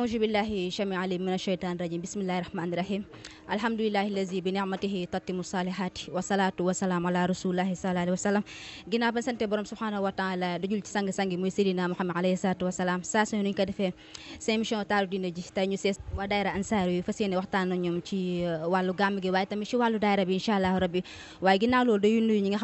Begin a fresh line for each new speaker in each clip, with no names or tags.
aousubillahi chami alim min asheytan rajim bismillahi rahmani rahim alhamdulilahi bi ni'matihi tatimu salihati wasalatu wasalaam ala rasulillahi sallallahu alayhi wa sallam ginnaaw ba sante borom subhanahu wa taala dujul ci sang-sangi muy sidina muhammad alayhi salatu wasalaam saa su ñu ko defee seen émission taaru diine ji tey ñu sees waa daayra ansaar yi fas yéene waxtaan na ci uh, wàllu gàmm gi waaye tamit ci wàllu daayra bi allah rabbi waaye ginnaaw loolu dañuy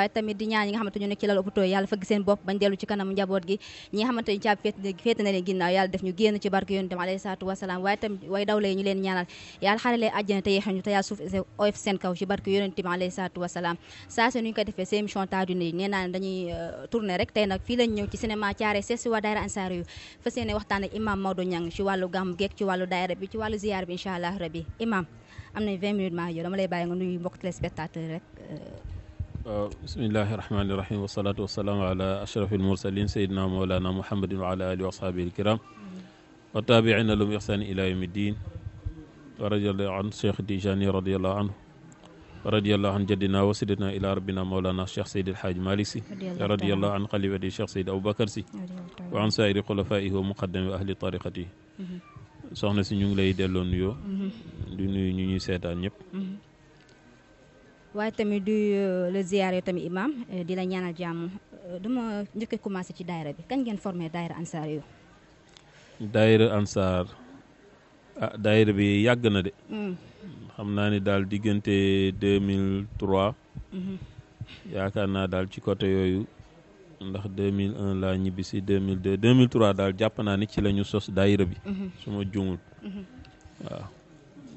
a tamit di ñaan ñi nga xamante ñu nekk ci lal hôpitaux yàlla fëgg seen bopp bañ dellu ci kanam njaboot gi ñi nga xamante ñu càab féete na leen ginnaaw yàlla def ñu génn ci barke yonent tamit daw lay ñu ne nee naa ne dañuy euh, tourner rek tey nag fii lañ ñëw ci si waa daayra ansaar yu fas yéene waxtaan ak imam Maodo Niang ci wàllu gàmm geek nga nuyu mbokk téléspectateur rek euh,
بسم الله الرحمن الرحيم والصلاة والسلام على أشرف المرسلين سيدنا مولانا محمد وعلى آله وصحبه الكرام وتابعين لهم إحسان إلى يوم الدين ورضي الله عن الشيخ ديجاني رضي الله عنه ورضي الله عن جدنا وسيدنا إلى ربنا مولانا الشيخ سيد الحاج مالسي رضي الله عن قلب الشيخ سيد أبو بكر سي وعن سائر خلفائه ومقدم أهل طريقته سوحنا سنجم ليدلون يو دنيو نيو سيدان يب
waaye tamit du euh, le ziyaare tamit imam euh, di la ñaanal jàmm euh, dama njëkk a ci daayira bi kañ ngeen formé daayira ansaar yooyu.
daayira ansaar ah daayira bi yàgg na de. Mm. xam naa ni daal diggante 2003. Mm-hmm. yaakaar naa daal ci côté yooyu ndax 2001 laa ñibbi si 2002 2003 daal jàpp naa ni ci lañu ñu sos daayira bi. Mm-hmm. su jumul mm-hmm. waaw.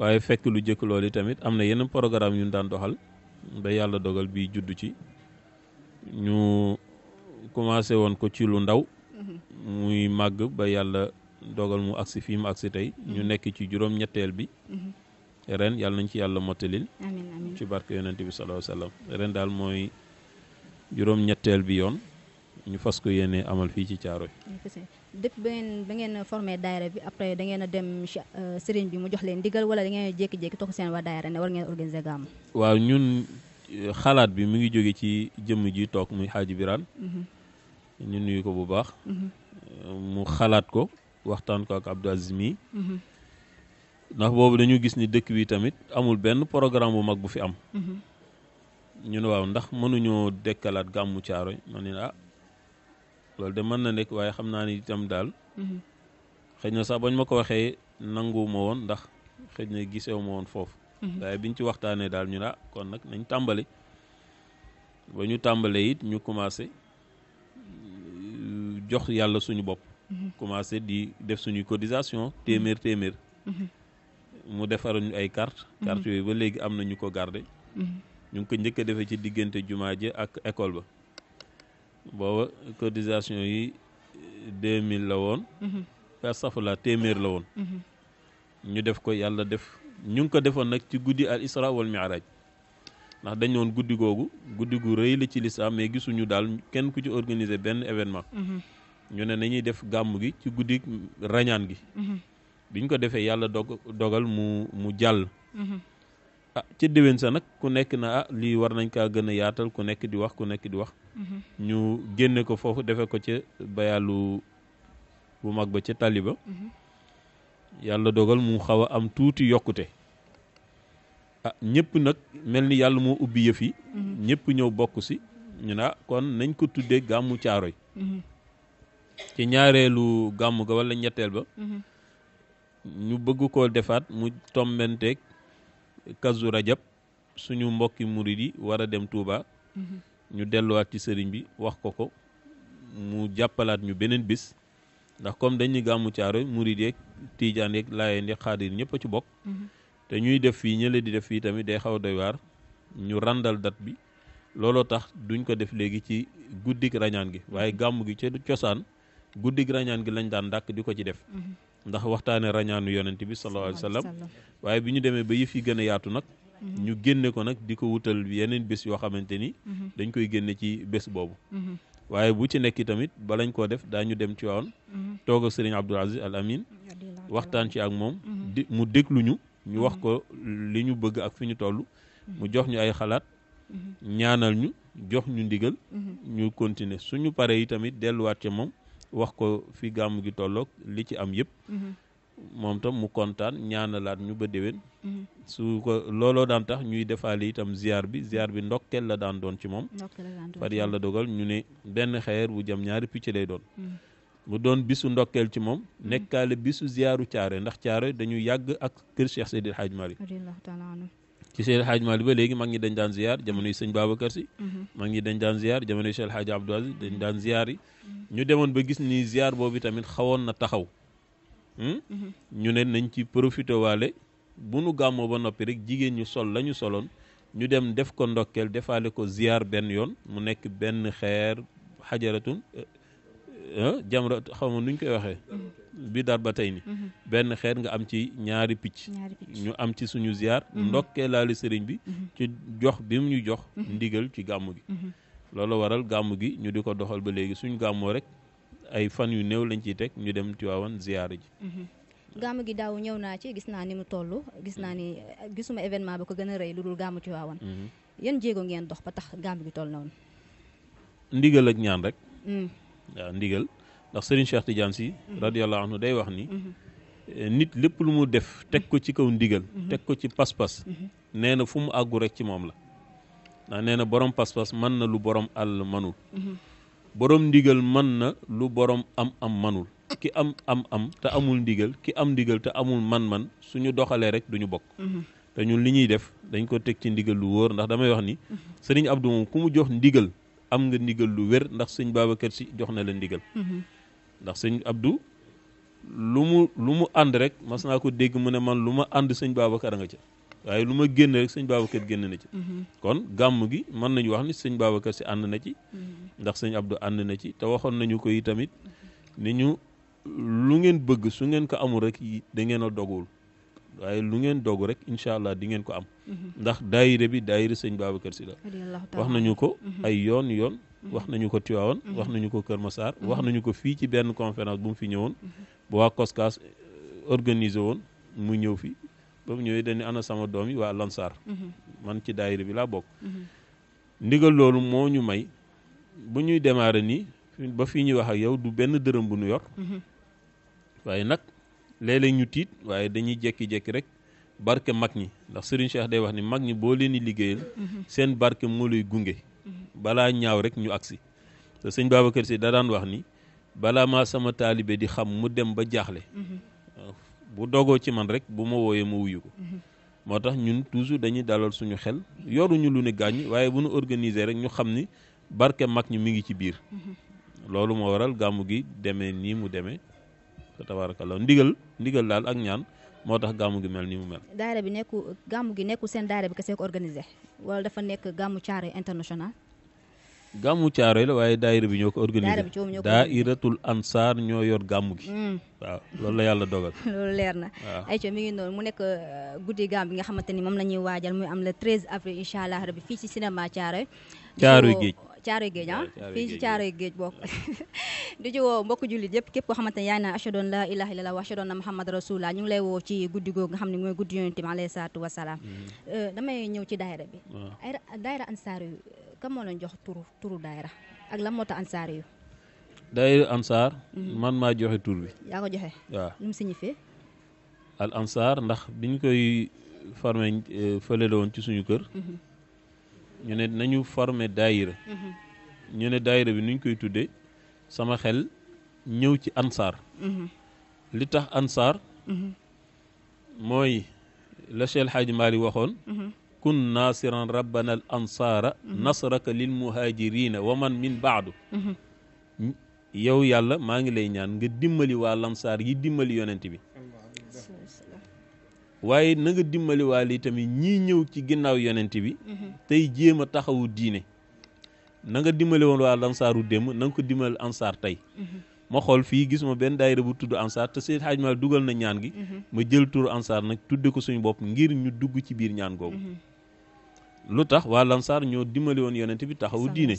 waaye fekk lu jëkk loolu tamit am na yenn programme yu ñu daan doxal ba yàlla dogal bi juddu ci ñu commencé woon ko ci lu ndaw mm-hmm. muy màgg ba yàlla dogal mu agsi fii mu agsi tey ñu mm-hmm. nekk ci juróom ñetteel bi mm-hmm. ren yàlla nañ ci yàlla mottalil ci barke yonent bi sallallahu alayhi wasallam ren daal mooy juróom ñetteel bi yoon ñu fas ko yéene amal fii ci caaro
yi depuis ba ngeen ba ngeen bi après da ngeen a dem euh, sëriñ bi mu jox leen ndigal wala da a jékki-jékki toog seen waa daayira ne war ngeen organiser gàmm.
waaw ñun euh, xalaat bi mu ngi jóge ci jëmm ji toog muy xaaji Birane. Mm-hmm. ñu nuyu ko bu baax. Mm-hmm. Euh, mu xalaat ko waxtaan ko ak Abdou Aziz mm-hmm. ndax boobu dañu gis ni dëkk bi tamit amul benn programme bu mag bu fi am. ñun ne waaw ndax mënuñoo dekkalaat gàmmu caaro ñu ne ah. loolu de mën na nekk waaye xam ni itam daal. Mhm. xëy na sax bañ ma ko waxee nanguwu ma ndax xëy na Quand ma woon foofu. Mhm. biñ ci waxtaanee daal ñu la ah kon nag nañ it ñu commencé euh, jox yàlla suñu mhm. commencé di def cotisation mu ay ba a ci école booba cotisation yi deux mille la woon mhm. safula téeméer la woon mhm. ñu def ko yàlla def ñu ngi ko defoon nag ci guddi al isra wal mi'raj ndax dañ woon guddi googu guddi gu rëy la ci lislaam mais gisuñu daal kenn ku ci organiser benn événement mhm. ñu ne nañuy def gàmm gi ci guddi rañaan gi biñ ko defee yàlla dog dogal mu mu jàll ah ca déwén sa nag ku nekk na ah lii war nañ kaa gën a yaatal ku nekk di wax ku nekk di wax ñu génne ko foofu defe ko ca bayaalu bu mag ba ca taliba yàlla dogal mu xaw a am tuuti yokkute ah ñëpp nag mel ni yàlla moo ubbi yëf yi ñëpp ñëw bokk si ñu ne ah, kon nañ ko tuddee gàmmu caaroy ci ñaareelu gàmmu ga wala ñetteel ba ñu bëgg ko defaat mu tombenteeg kazu rajab suñu mbokki murid yi war a dem Touba ñu delluwaat ci sëriñ bi wax ko ko mu jàppalaat ñu beneen bis ndax comme dañuy gàmmu Caaroy murid yeeg tiijaan yeeg laayeen yeeg xaadir ñëpp a ci bokk mm-hmm. te ñuy def fii ñële di def fii tamit day xaw a doy waar ñu ràndal dat bi looloo tax duñ ko def léegi ci guddik rañaan gi waaye mm-hmm. gàmm gi ca cosaan guddik rañaan gi lañ daan dàkk di ko ci def mm-hmm. ndax waxtaane rañaanu yonent bi sallallahu alayhi wa sallam waaye bi ñu demee ba yëf yi gën a yaatu nag ñu génne ko nag di ko wutal yeneen bés yoo xamante ni mhm. dañ koy génne ci bés boobu mhm. waaye bu ci nekk tamit balañ koo def daañu dem ci waawoon mhm. toog ak sëriñ Abdul Aziz Al Amin waxtaan ci ak moom di mu déglu ñu ñu wax ko li ñu bëgg ak fi ñu toll mu jox ñu ay xalaat ñaanal ñu jox ñu ndigal ñu continuer suñu paree yi tamit delluwaat ca moom wax ko fi gàmm gi tollook li ci am yëpp moom tam mu kontaan ñaanalaat ñu ba déwén. Mm-hmm. su ko looloo daan tax ñuy defaale itam ziar bi ziar bi ndokkeel la daan doon ci moom. far yàlla dogal ñu ne benn xeer bu jëm ñaari picc lay doon. Mm-hmm. mu doon bisu ndokkeel ci moom. Mm-hmm. nekkaale bisu ziaru caare ndax caare dañu yàgg ak kër Cheikh Seydil Hadj Malick. ci Seydil Hadj ba léegi mag ñi dañ daan ziar jamono yi sëñ Babacar si. mag ñi dañ daan ziar jamono yi Cheikh Hadj dañ daan ziar yi. ñu demoon ba gis ni ziar boobu tamit xawoon na taxaw. Hmm? Mhm. ñu ne nañ ci profité waale bu nu gàmmoo ba noppi rek jigéen ñu sol lañu soloon ñu dem def ko ndokkeel defaale ko ziyaar benn yoon mu nekk benn xeer xajaratun eh, eh, jamra xaw ma nuñ koy waxee mhm. bi dar ba tey ni mhm. benn xeer nga am ci ñaari picc ñu am ci suñu ziyaar ndokkee laali sëriñ bi ci jox bi mu ñu jox ndigal ci gàmm gi loolu waral gàmm gi ñu di ko doxal ba léegi suñu gàmmoo rek ay fan yu néew lañ ci teg ñu dem Tiwaawan ziyaara ji
mhm. gàmmu gi daaw ñëw naa ci gis naa ni mu toll gis naa mhm. ni gisuma événement ba ko gën a rëy lu dul gàmmu Tiwaawan mhm. yan jéego ngeen dox ba tax gàmmu gi toll noonu
ndigal ak ñaan rek mm. waaw ndigal ndax Serigne Cheikh Tidiane si mm-hmm. radiyallahu day wax ni mm-hmm. eh, nit lépp lu mu def teg ko ci kaw ndigal mm-hmm. teg ko ci pas-pas nee fu mu àggu rek ci moom la ndax nee borom pas-pas mën na lu borom àll mënul borom ndigal man na lu borom am am manul ki am am am te amul ndigal ki am ndigal te amul man-man suñu doxalee rek duñu bokk mhm. te ñun li ñuy def dañ ko teg ci ndigal lu wóor ndax damay wax ni mhm. sëriñ Abdou moom ku mu jox ndigal am nga ndigal lu wér ndax sëñ Babacar si jox na la ndigal mhm. ndax sëñ Abdou lu mu lu mu ànd rek mas naa ko dégg mu ne man lu ma ànd sëñ Babacar a nga ca waaye lu ma génn rek sëñ Babacar génn na ci mhm. kon gàmm gi mën nañu wax ni sëñ Babacar si ànd na ci mhm. ndax sëñ Abdou ànd na ci te waxoon nañu ko yi tamit mhm. ni ñu lu ngeen bëgg su ngeen ko amul rek da ngeen a dogul waaye lu ngeen dog rek incha allah di ngeen ko am ndax daayire bi daayire sëñ Babacar si la wax nañu ko ay yoon yoon wax nañu ko Tiwaawan wax nañu ko Kër Massar wax nañu ko fii ci benn conférence bu mu fi ñëwoon bu waa Koskas euh, organisé woon mu ñëw fi ba mu ñëwee dañu ana sama doom yi waa Lansar. Mhm. man ci daayira bi laa bokk. Mhm. ndigal loolu moo ñu may bu ñuy demaare nii ba fii ñuy wax ak yow du benn dërëm bu nu yor. Mhm. waaye nag léeg-léeg ñu tiit waaye dañuy jékki-jékki rek barke mag ñi ndax sëriñ Cheikh day wax ni mag ñi boo leen di liggéeyal. seen barke moo lay gunge. balaa ñaaw rek ñu agsi te sëñ Babacar Sy da daan wax ni balaa maa sama taalibe di xam mu dem ba jaaxle. bu dogoo ci man rek bu ma wooyee ma wuyu ko moo tax ñun toujours dañuy dalal suñu xel yoruñu lu ne gàññ waaye bu ñu organiser rek ñu xam ni barke mag ñi mi ngi ci biir loolu moo waral gàmmu gi demee nii mu demee fa tabaarakallaa ndigal ndigal daal ak ñaan moo tax gàmmu gi mel nii mu mel.
daara bi nekku gàmmu gi nekku seen daara bi kese ko organiser wala dafa nekk gàmmu Caaroy international.
gàmmu Caaroy la waaye daayira ñoo ko organisé daayiratul ansaar ñoo yor gàmmu gi mm. loolu la yàlla dogal
loolu leer na ayco mi ngi noonu mu nekk euh, guddi gàmm bi nga xamante ni moom la ñuy waajal mu am le 13 avril incha allah rabbi fii ci cinéma Caaroy Caaroy géej Caaroy géej ah fii ci Caaroy géej bokk di ci woo mbokk jullit yëpp képp koo xamante ne yaa ngi naan achadoon la ilaha wa achadoon na muhammad rasulullah ñu lay wo ci guddi googu nga xam ne mooy guddi yonente bi alayhi salaatu wasalaam
mm-hmm.
euh, ñëw ci
daayira
kan moo leen jox turu turu daayira ak lan moo tax ansaar yu.
daayira ansaar. Mhm. man maa joxe tur bi. yaa ko joxe. waaw lu mu signifie. al ansaar ndax biñ koy formé euh, fële la woon ci suñu kër. Mhm. ñu ne nañu formé daayira. Mhm. ñu ne daayira bi nuñ koy tuddee sama xel ñëw ci ansaar. li tax ansaar. mooy la Cheikh El Hadj Mali waxoon. kun naasiran rabbana al ansaara nasraka lil muhaajirina wa min baadu yow yàlla maa ngi lay ñaan nga dimbali waa lansaar yi dimbali yonent bi waaye na nga dimbali waa tamit ñii ñëw ci ginnaaw yonent bi jéem a taxawu diine na nga woon waa lansaaru démb na ko dimbali ansaar tey ma xool fii gis ma benn daayira bu tudd ansaar te Seydi Hadj Malick dugal na ñaan gi mhm. ma jël turu ansaar nag tudde ko suñu bopp ngir ñu dugg ci biir ñaan googu mhm. lu tax waa lansaar ñoo dimbali woon yonent bi taxawu diine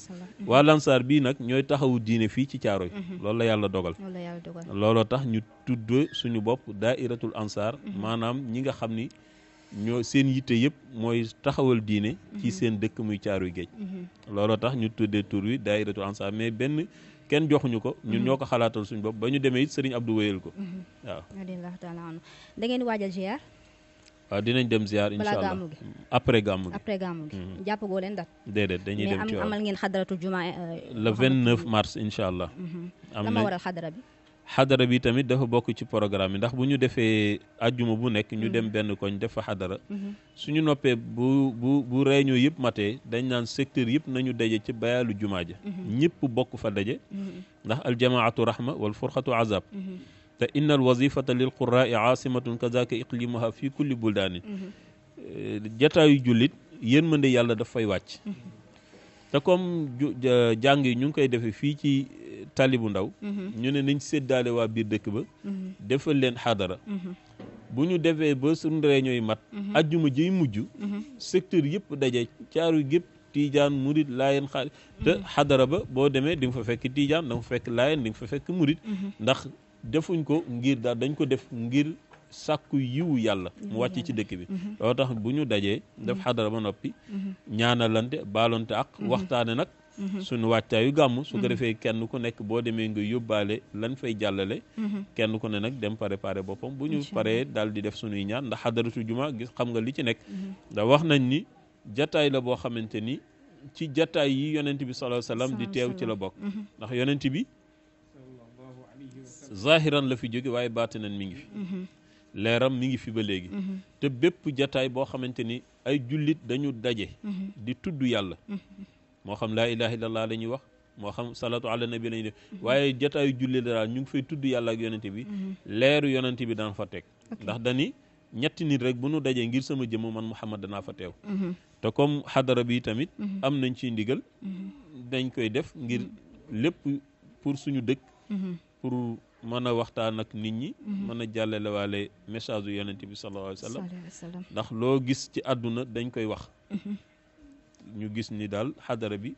waa lansaar bii nag ñooy taxawu diine fii ci caaro mhm. loolu la yàlla dogal looloo tax ñu tudd suñu bopp daa daairatul ansaar mhm. maanaam ñi nga xam ni ñoo seen yitte yëpp mooy taxawal diine ci mhm. seen dëkk muy caaroy géej looloo tax ñu tuddee tur wi daairatul ansaar mais benn kenn joxuñu ko ñun ñoo ko xalaatal suñu bopp ba ñu demee it sëriñ Abdou wéyal ko waaw waaw euh, dinañ dem ziar incha allah après gàmmu gi
après gàmmu gi mm-hmm. jàppagoo leen dat
déedéet dañuy dem ci amal
ngeen xadaratu juma euh, le
29 mars incha allah mm-hmm. am na waral xadara bi xadara bi tamit dafa bokk ci programme bi ndax bu ñu defee ajjuma bu nekk ñu dem mm-hmm. benn koñ def fa xadara suñu noppee bu bu bu réunion yëpp matee dañ naan secteur yëpp nañu daje ci bayaalu jumaa ja ñëpp bokk fa daje ndax aljamaatu rahma wal furxatu azab te innal wazifata lil qurraai aasimatun kazaka iqlimuha fi kulli buldaani mhm. eh, jataayu jullit yërmande yàlla daf fay wàcc mhm. te comme jàng yi ñu ngi koy defee fii ci eh, tali bu ndaw mhm. ñu ne nañ séddaale waa biir dëkk ba defal leen xadara bu ñu defee ba su réunion yi mat ajjuma jiy mujj secteur yëpp daje caaru gépp tijaan murit laayeen xaar te xadara ba boo demee di nga fa fekk tijaan da nga fa fekk laayeen di nga fa fekk murit ndax defuñ ko ngir daal dañ ko def ngir sàkku yiwu yàlla mu wàcc ci dëkk bi mhm. mhm. loo tax bu ñu dajee def mhm. xadara ba noppi ñaanalante baalonte ak waxtaane nag suñu wàccaayu gàmm su ko defee kenn ku nekk boo demee nga yóbbaale lan fay jàllale kenn ku ne nag dem préparé boppam bu ñu paree dal di def suñuy ñaan ndax xadaratu juma gis xam nga li ci nekk da wax nañ ni jataay la boo xamante ni ci jataay yi yonent bi sallallahu alayhi wasallam di teew ci la bokk ndax yonent zahiran la fi jóge waaye baatinan mi ngi fi mhm. leeram mi ngi fi ba léegi mhm. te bépp jataay boo xamante ni ay jullit dañu daje mhm. di tudd yàlla moo xam laa ilaha illallah la ñuy wax moo xam salatu ala nabi la ñuy waaye jataayu jullit daal ñu ngi fay tudd yàlla ak yonente bi leeru yonente bi daan fa teg ndax dani ñetti nit rek bu nu dajee ngir sama jëmm man Muhammad danaa fa teew te comme xadara bi tamit am nañ ciy ndigal dañ koy def ngir lépp pour mën a waxtaan ak nit ñi mhm. mën a jàllale waale message yu yonent bi sallallahu alayhi wa sallam ndax loo gis ci àdduna dañ koy wax mhm. ñu gis ni daal xadara bi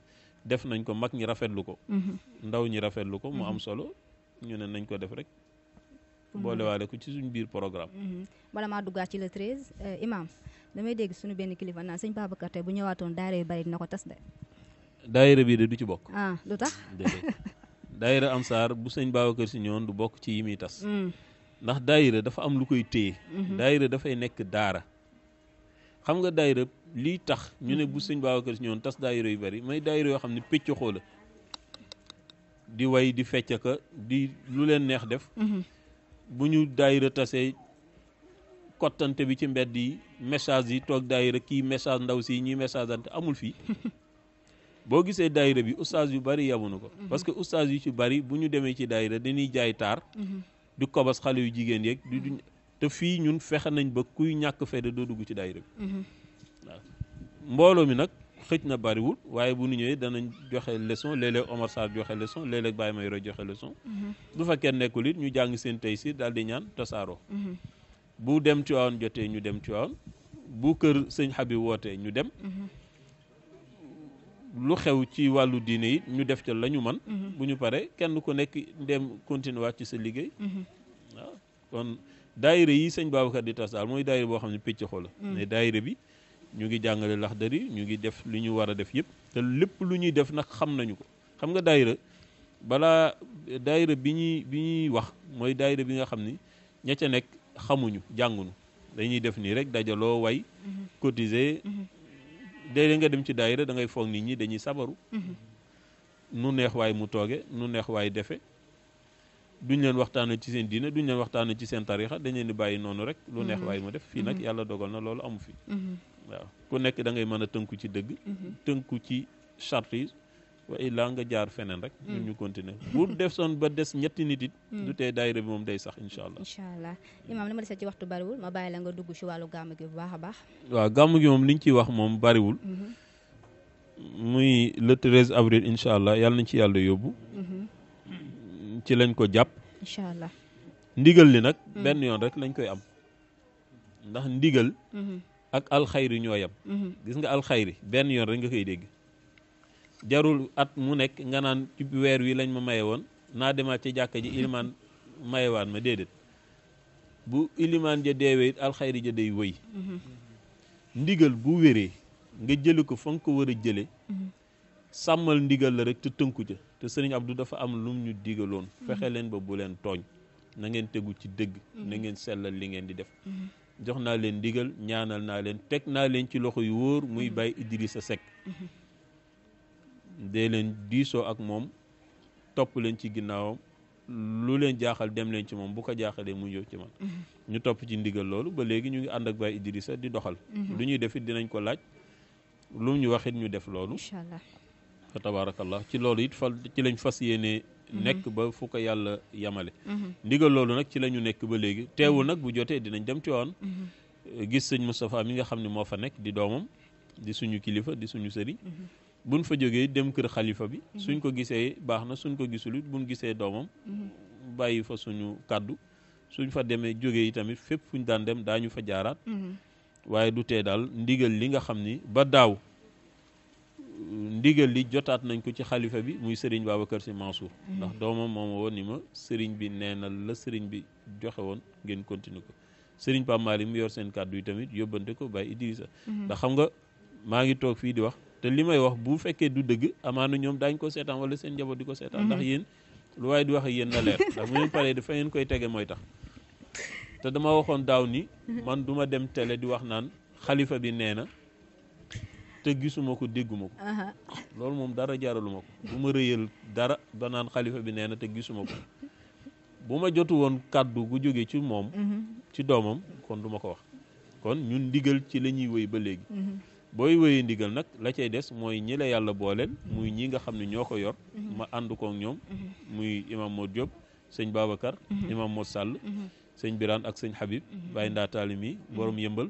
def nañ ko mag ñi rafetlu ko mhm. ndaw ñi rafetlu ko mu am solo ñu ne nañ ko def rek boole waale ko ci suñ biir programme
bala maa duggaat ci le treize euh, imam damay dégg suñu benn kilifa naan sëñ Babacar tey bu ñëwaatoon daayira yu bari dina ko tas de
daayira bii de du ci bokk
ah,
daayira Ansaar bu sëñ Babacar Si ñëwoon du bokk ci yi muy tas mm. ndax daayira dafa am lu koy téye mm-hmm. daayira dafay nekk daara xam nga daayira lii tax ñu ne bu mm-hmm. sëñ Babacar Si ñëwoon tas daayira yu bari mooy daayira yoo xam ne pécc xoola di way di fecc ka di lu leen neex def mm-hmm. bu ñu daayira tasee kottante bi ci mbedd yi message yi toog daayira kii message ndaw si ñuy message ante amul fii boo gisee dayre bi ustaas yu bari yamuñu ko mhm. parce que ustaas yu ci bari bu ñu demee ci daayira dañuy jaay taar mhm. di kobas xale yu jigéen yeeg di duñ te fii ñun fexe nañ ba kuy ñàkk fedda doo dugg ci daayira bi mhm. mbooloo mi nag xëj na bariwul waaye bu ñu ñëwee danañ joxe leçon léeg-léeg Omar Sarr joxe leçon léeg-léeg Baye Mayoro joxe leçon bu fa kenn nekkul it ñu jàng seen tey si daal di ñaan tasaaroo bu dem Tiwaawan jotee ñu dem Tiwaawan bu kër sëñ Habib wootee ñu dem lu xew ci wàllu diine yi ñu def ca la man mhm. bu ñu paree kenn ku nekk ndem continuer ci sa liggéey mhm. waaw kon daayira yi sëñ Babacar di tas daal mooy daayira boo xam ne pécc xoola mhm. mais daayira bi ñu ngi jàngale laxdari ñu ngi def li ñu war def yëpp te lépp lu ñuy def nag xam nañu ko xam nga daayira balaa daayira bi ñuy bi ñuy wax mooy dayre bi nga xam ni ña ca nekk xamuñu jànguñu dañuy def nii rek dajaloo way cotiser léeg-léeg nga dem ci daayira da ngay foog nit ñi dañuy sabaru mhm. nu neex waay mu tooge nu neex waay defe duñ leen waxtaanee ci seen diine duñ leen waxtaanee ci seen tarixa dañ leen bàyyi noonu rek lu neex mhm. waay mu def fii nag mhm. yàlla dogal na loolu amu fi waaw ku nekk dangay ngay mën a tënku ci dëgg tënku ci charte wa illaa nga jaar feneen rek. ñun hmm. ñu continuer bu def son ba des ñetti nit it. Hmm. du tee daayira bi moom day sax incha allah.
incha allah imaam li ma desee ci waxtu bariwul ma bàyyi la nga dugg ci wàllu gàmm gi bu baax a baax.
waa gàmmu gi moom ñu ciy wax moom bariwul. Mhm. muy le treize avril incha allah yàlla nañ ci yàlla yóbbu.
Mhm.
ci lañ ko jàpp. incha ndigal li nag. Hmm. benn yoon rek lañ koy am. ndax ndigal. Mhm. ak alxayri ñoo yam. gis nga alxayri benn yoon rek nga koy dégg. jarul at mu nekk nga naan ci weer wi lañ ma maye woon naa demaat ci jàkka ji ilimaan mayewaan ma déedéet bu ilimaan ja deewee it alxayri ja day wëy mm-hmm. ndigal bu wéree nga jëli ko fa nga ko war a jële mm-hmm. sàmmal ndigal la rek te tënku ca te sëriñ Abdou dafa am lum ñu digaloon mm-hmm. fexe leen ba bu leen tooñ na ngeen tegu ci dëgg na ngeen sellal li ngeen di def jox naa leen ndigal ñaanal naa leen teg naa leen ci loxo yu wóor muy bàyyi Idrissa Seck dee leen diisoo ak moom topp leen ci ginnaawam lu leen jaaxal dem leen ci moom bu ko jaaxalee mu ñëw ci man mm-hmm. ñu topp ci ndigal loolu ba léegi ñu ngi ànd ak Baye Idrissa di doxal mm-hmm. lu ñuy defit dinañ ko laaj lu ñu waxit ñu def loolu inshallah fa tabaarakallah ci loolu it fa lañ fas yéenee mm-hmm. nekk ba fu ko yàlla yamale ndigal loolu nag ci la ñu nekk ba léegi teewul nag bu jotee dinañ dem Tiwaawan gis sañ Moustapha mi nga xam ne moo fa nekk di doomam di suñu kilifa di suñu sëriñ buñ fa jógee dem kër xalifa bi mhm. suñ ko gisee baax na suñ ko gisulit buñ gisee doomam mhm. bàyyi fa suñu kàddu suñ fa demee jógee yi tamit fépp fuñ daan dem daañu fa jaaraat mhm. waaye du tee daal ndigal li nga xam ni ba daaw ndigal li jotaat nañ ko ci xalifa bi muy sëriñ Babacar Sy Mansour ndax doomam moom woon ni ma sëriñ bi nee na la sëriñ bi joxe woon ngeen continuer ko sëriñ Pape Malick mu yor seen kàddu yi tamit yóbbante ko Baye Idrissa ndax xam nga maa ngi toog fii di wax te li may wax bu fekkee du dëgg amaana ñoom daañ ko seetaan wala seen njaboot di ko seetaan mm-hmm. ndax yéen lu waaye di wax ak yéen na leer ndax mu paree dafa ngeen koy tege mooy tax te dama waxoon daaw ni mm-hmm. man duma dem télé di wax naan xalifa bi nee na te gisuma ko dégguma ko moom dara jaraluma ko bu ma rëyal dara ba naan xalifa bi nee na te gisuma ko bu ma jotu woon kàddu gu jóge ci moom mm-hmm. ci doomam kon duma ko wax kon ñun ndigal ci la ñuy wéy ba léegi booy wéyi ndigal nag la cay des mooy ñi yàlla booleel muy ñi nga xam ne ñoo ko yor mhm. ma ànd kook ñoom mhm. muy imam Modou Diop sëñ Babacar mhm. imam Modou Sall sëñ Birane ak sëñ Habib Baye Ndaa Taalim yi borom yëmbal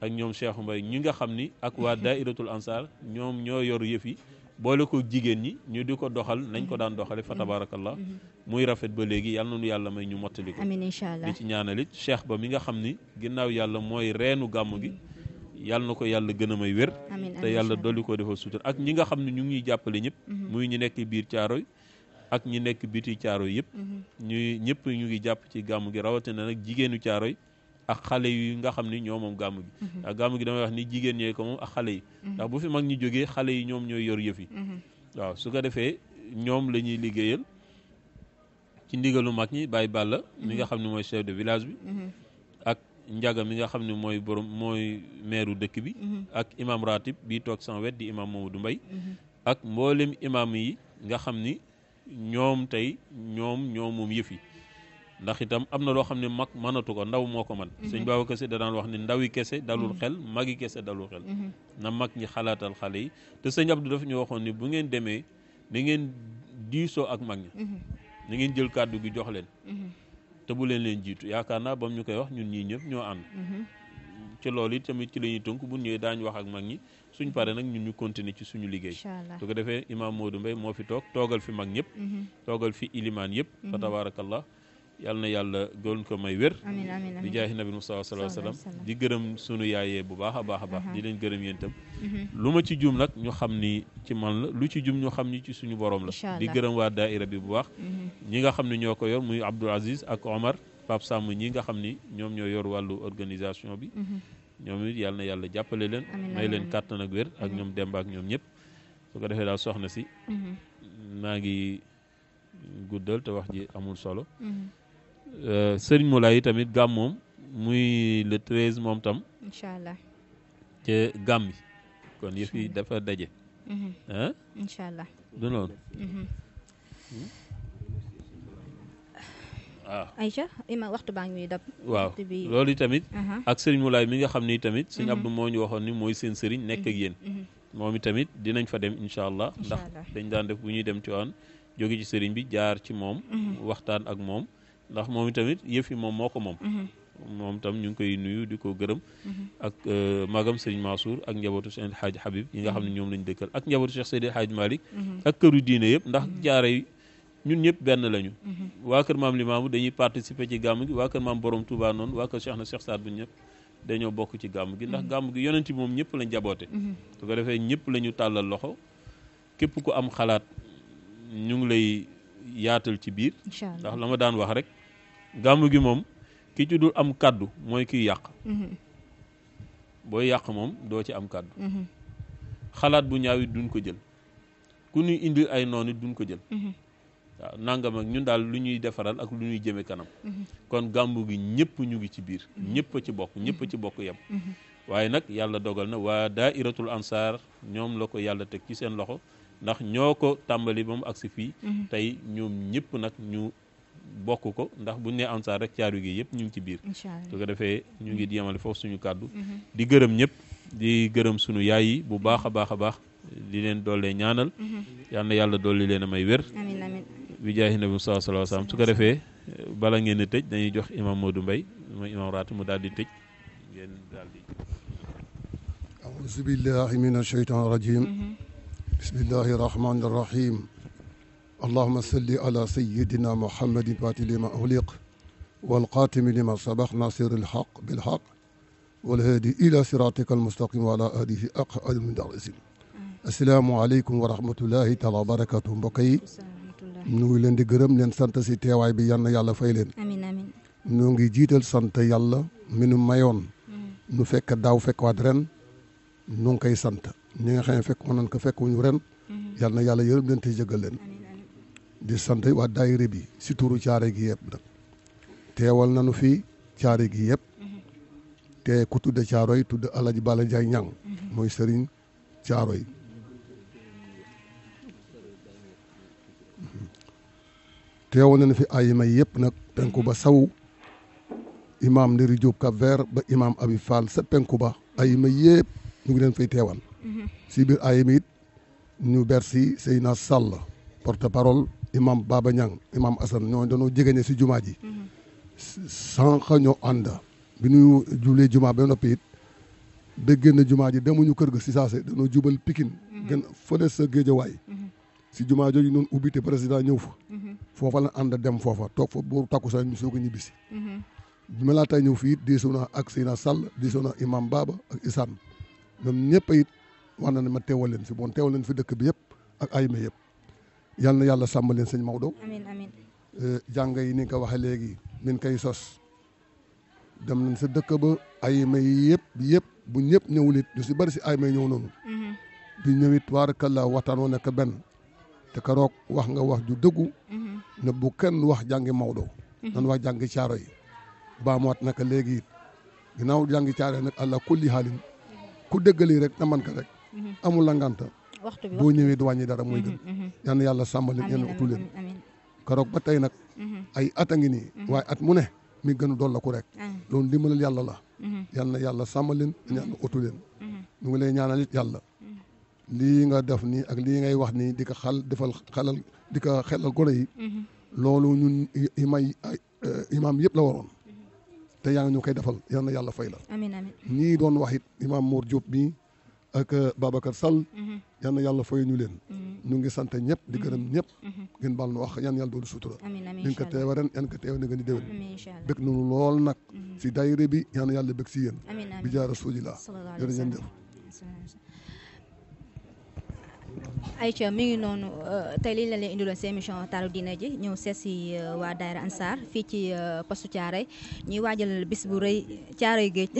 ak ñoom seexu Mbaye ñi nga xam ni ak waa daairatul ansar ñoom ñoo yor yëfi boole ko jigéen ñi ñu di ko doxal nañ ko daan doxale fa tabaarakallah muy rafet ba léegi yàlla nanu yàlla may ñu mottali ko
amiin ci
ñaanalit cheikh ba mi nga xam ni ginnaaw yàlla mooy reenu gàmm gi yàlla na ko yàlla gën a may wér te yàlla dolli ko defal suutar ak ñi nga xam ne ñu ngi jàppale ñëpp mhm. muy ñu nekk biir caaroy ak ñi nekk biti caaroy yëpp mhm. ñuy ñëpp ñu ngi jàpp ci gàmm gi rawatina nag jigéenu caaroy ak xale yu nga xam ni ñoo moom gàmm gi mhm. ndax gàmm gi damay wax ni jigéen ñee ko moom ak xale yi ndax bu fi mag ñi jógee xale yi ñoom ñooy yor yëf yi waaw su ko defee ñoom la liggéeyal ci ndigalu mag ñi bàyyi bàlla mi nga xam ne mooy chef njaga mi nga xam ne mooy boroom mooy meeru dëkk bi mhm. ak imam ratib bii toog sans wet di imam Mamadou Mbaye mhm. ak mboolem imam yi nga xam ni ñoom tey ñoom ñoom moom yëf yi ndax itam am na loo xam ne mag mënatu ko ndaw moo ko man mhm. sëñ Baaba kese da daan wax ne ndawi kese dalul xel magi kese dalul xel na mag ñi xalaatal xale yi te sëñ Abdou dafa ñu waxoon ni bu ngeen demee na ngeen diisoo ak mag ñi na ngeen jël kàddu gi jox leen te leen leen jiitu yaakaar naa bam ñu koy wax ñun ñi ñëpp ñoo ànd. Mm-hmm. ci loolu it tamit ci la ñuy tënk bu ñëwee daañu wax ak mag ñi suñ mm-hmm. pare nag ñun ñu continuer ci suñu liggéey. su ko defee imaam Modou mbay moo fi toog toogal fi mag ñëpp. Mm-hmm. toogal fi ilimaan yëpp. fa tabaarakallah yàlla na yàlla gën ko may wér di jaayi nabi Mustafa sallallahu alayhi wa sallam di gërëm sunu yaayee bu baax a baax a baax di leen gërëm yéen itam mm-hmm. lu ma ci juum nag ñu xam ni ci man la lu ci jum ñu xam ni ci suñu borom la di gërëm waa daaira bi bu baax mm-hmm. ñi nga xam ne ñoo ko yor muy Abdoul Aziz ak Omar Pape Samb ñi nga xam ni ñoom ñoo yor wàllu organisation bi mm-hmm. ñoom it yàlla na yàlla jàppale leen may leen kàttan ak wér ak ñoom demb ak ñoom ñëpp su ko defee daal soxna si maa te wax ji amul solo Euh, Serigne Moulay tamit gàmm moom muy le treize moom tam. incha allah ca gàmm bi kon yëf yi dafa daje. Mhm. Mhm.
Hmm? ah noonu. waaw loolu yi tamit. Mhm.
ak Serigne Moulay mi nga xam ni tamit. Serigne Abdou moo ñu waxoon ni mooy seen Serigne nekk ak yéen. moom itamit dinañ fa dem incha allah. ndax dañ daan def bu ñuy dem ci waan ci Serigne bi jaar ci moom. waxtaan ak moom. ndax moom itamit yëf yi moom moo ko moom mhm. moom tam ñu ngi koy nuyu di ko gërëm mhm. ak euh, magam sëriñ Mansour ak njabootu seen xaaj Habib ñi nga xam ne mhm. ñoom lañu dëkkal ak njabootu Cheikh Seydi Xaaj Malick ak këru diine yëpp ndax jaare yi ñun ñëpp benn lañu waa kër maam Limaamu dañuy participer ci gàmm gi waa kër maam borom Touba noonu waa kër Cheikh na Cheikh Saad bu ñëpp dañoo bokk ci gàmm gi ndax gàmm gi yonent moom ñëpp lañ jaboote su ko defee ñëpp lañu ñu tàllal loxo képp ku ñu ngi yaatal ci biir ndax la ma daan wax rek gàmmu gi moom ki ci dul am kàddu mooy kiy yàq mhm. booy yàq moom doo ci am kàddu mhm. xalaat bu ñaaw it duñ ko jël ku ñuy indi ay noon duñ ko jël mhm. waaw nangam ñun daal lu ñuy defaral ak lu ñuy jëme kanam kon gàmmu gi ñëpp ñu ngi ci biir ñëpp ci bokk ñëpp ci bokk yem waaye nag yàlla dogal na waa daa'iratul ansaar ñoom la ko yàlla teg ci seen loxo ndax ñoo ko tàmbali ba mu agsi fii mhm. tey ñoom ñëpp nag ñu bokk ko ndax buñ ne ansaar rek caaru gi yëpp ñu ngi ci biir su ko defee ñu ngi di yemale foofu suñu kàddu mhm. di gërëm ñëpp di gërëm suñu yaay yi bu baax a baax a baax di leen doole ñaanal mhm. yal na yàlla dolli leen a may wér amiin amiin bi jaahi nabi sallallahu alayhi su ko defee bala ngeen a tëj dañuy jox imam du Mbaye mooy imam raati mu daal di tëj
ngeen daal di aouzu
billahi
min ashaytan rajim بسم الله الرحمن الرحيم اللهم صل على سيدنا محمد فاتل ما أغلق والقاتم لما سبق ناصر الحق بالحق والهادي إلى صراطك المستقيم وعلى هذه أقعد من السلام عليكم ورحمة الله تعالى وبركاته بكي نوي لين دي گرم لين سانت سي تي واي بي يان يالا فاي امين امين نوغي جيتال سانت يالا مينو مايون نو فك داو فك وادرن نون كاي سانت ñi nga xam ne fekk woon nañ ko fekk wuñu ren mhm. yal na yàlla yërëm leen te jëggal leen di sant waa daayira bi si tuuru caare gi yëpp nag teewal nañu fii caare gi yëpp mhm. te ku tudde caaro yi tudde alaji bala jaay ñang mhm. mooy sëriñ caaro yi na nañu fi ayima yëpp nag penku ba saw imam Ndiri Diop Cap Vert ba imaam Abi Fall sa penku ba ayima yëpp ñu ngi leen fay teewal Sibir biir new ñu bersi Seyna Sall porte parole imam Baba imam Assane ñoo dañoo jegeñe si juma ji sànq ñoo ànd bi ñu jullé juma ba noppi it dëggee na juma ji ñu kër ga si sasé dañu jubal pikin gën feulé sa gëdja si ci juma noonu ubbi te président ñëw fa la ànd dem fofa tok fa booru takku sa ñu soko ñibisi bima la tay ñëw fi ak Seyna Sall imam Baba ak Isaan ñom ñepp wax na ne ma teewal leen fi bon teewal leen fi dëkk bi yëpp ak ayma yëpp yal na yàlla sàmm leen sëñ Maodo. amiin amiin eh, jàng yi ni nga ko waxee léegi min koy sos dem nañ sa dëkk ba ayma yëpp yëpp bu ñëpp ñëwul it ñu si bëri si ayma ñëw noonu. bi
mm-hmm.
ñëw it waarakallaa waxtaan woo nekk benn te keroog wax nga wax ju dëggu. Mm-hmm. ne bu kenn wax jàngi Maodo. Mm-hmm. nan wax jàngi caaro yi. baamuwaat naka léegi it ginnaaw jàngi caaro yi nag allah kulli xaalin ku déggali rek na man ka rek. Mm-hmm. amul la ngànta boo ñëwee di wàññi dara mooy gën mm-hmm, mm-hmm. yal na yàlla sàmm leen yéen utu leen keroog ba tey nag ay at a ngi nii waaye at mu ne mi gën a doon la ku rek loolu ndimbalal yàlla la yal na yàlla sàmm leen yal na utu leen ngi lay ñaanal yàlla lii nga def nii ak lii ngay wax nii di ko xal defal di ko xelal gone yi loolu ñun imay eh, imaam la waroon te yaa ñu koy defal yal na yàlla fay la
amiin
doon wax it imaam Mor Diop ak euh, Babacar Sall. Mm-hmm. yal na yàlla fooy ñu leen. Mm-hmm. ñu ngi sant ñëpp di gërëm mm-hmm. ñëpp. ngeen baal nu wax yan yàlla doolu sutura. amiin amiin incha allah ko teewa ren yan ko teew na nga ni déwén. bëgg nañu lool nag. si daayira bi yan yàlla bëgg si yéen. amiin amiin bi jaara suuji laa. jërëjëf.
Aïcha mi ngi noonu euh, tey lii la leen indiloon si émission taaru diine ji ñëw seet si euh, waa Daayira Ansar fii ci euh, postu Thiaroye ñuy waajal bis bu rëy Thiaroye géej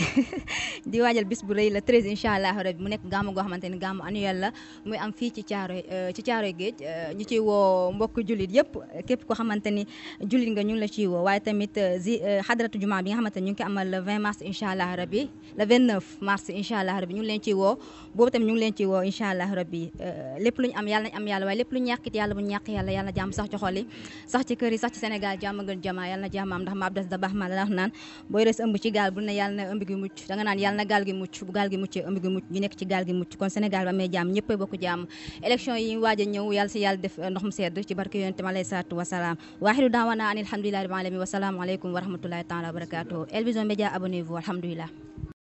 di waajal bis bu rëy la 13 incha allah rabi mu nekk gàmmu goo xamante ni gàmmu annuel la muy am fii ci Thiaroye ci Thiaroye géej ñu ciy woo mbokk jullit yëpp képp koo xamante ni jullit nga ñu la ci woo waaye tamit zi xadaratu juma bi nga xamante ni ñu ngi koy amal le mars incha allah rabi le 29 mars incha allah rabi ñu ngi leen lépp lu ñu am yàlla nañ am yàlla waaye lépp lu ñu ñàkkit yàlla bu ñu ñàkk yàlla yàlla na jàmm sax ci sax ci Sénégal jàmm gën jama yàlla na jàmm am ndax ma ab des da baax ma la naan booy res ëmb ci gaal bu ne yàlla na gi mucc da naan yàlla na gaal gi mucc bu gaal gi muccee ëmb mucc ñu nekk ci gaal gi mucc kon Sénégal ba amee jàmm ñëpp bokk jàmm élection yi waaj a ñëw yàlla si yàlla def eh, ndox mu sedd ci barke yonent ma lay saatu wasalaam waaxidu daawana an alhamdulilahi rabbil alamin wasalaamu aleykum wa rahmatullahi taala wa barakatuh El Vision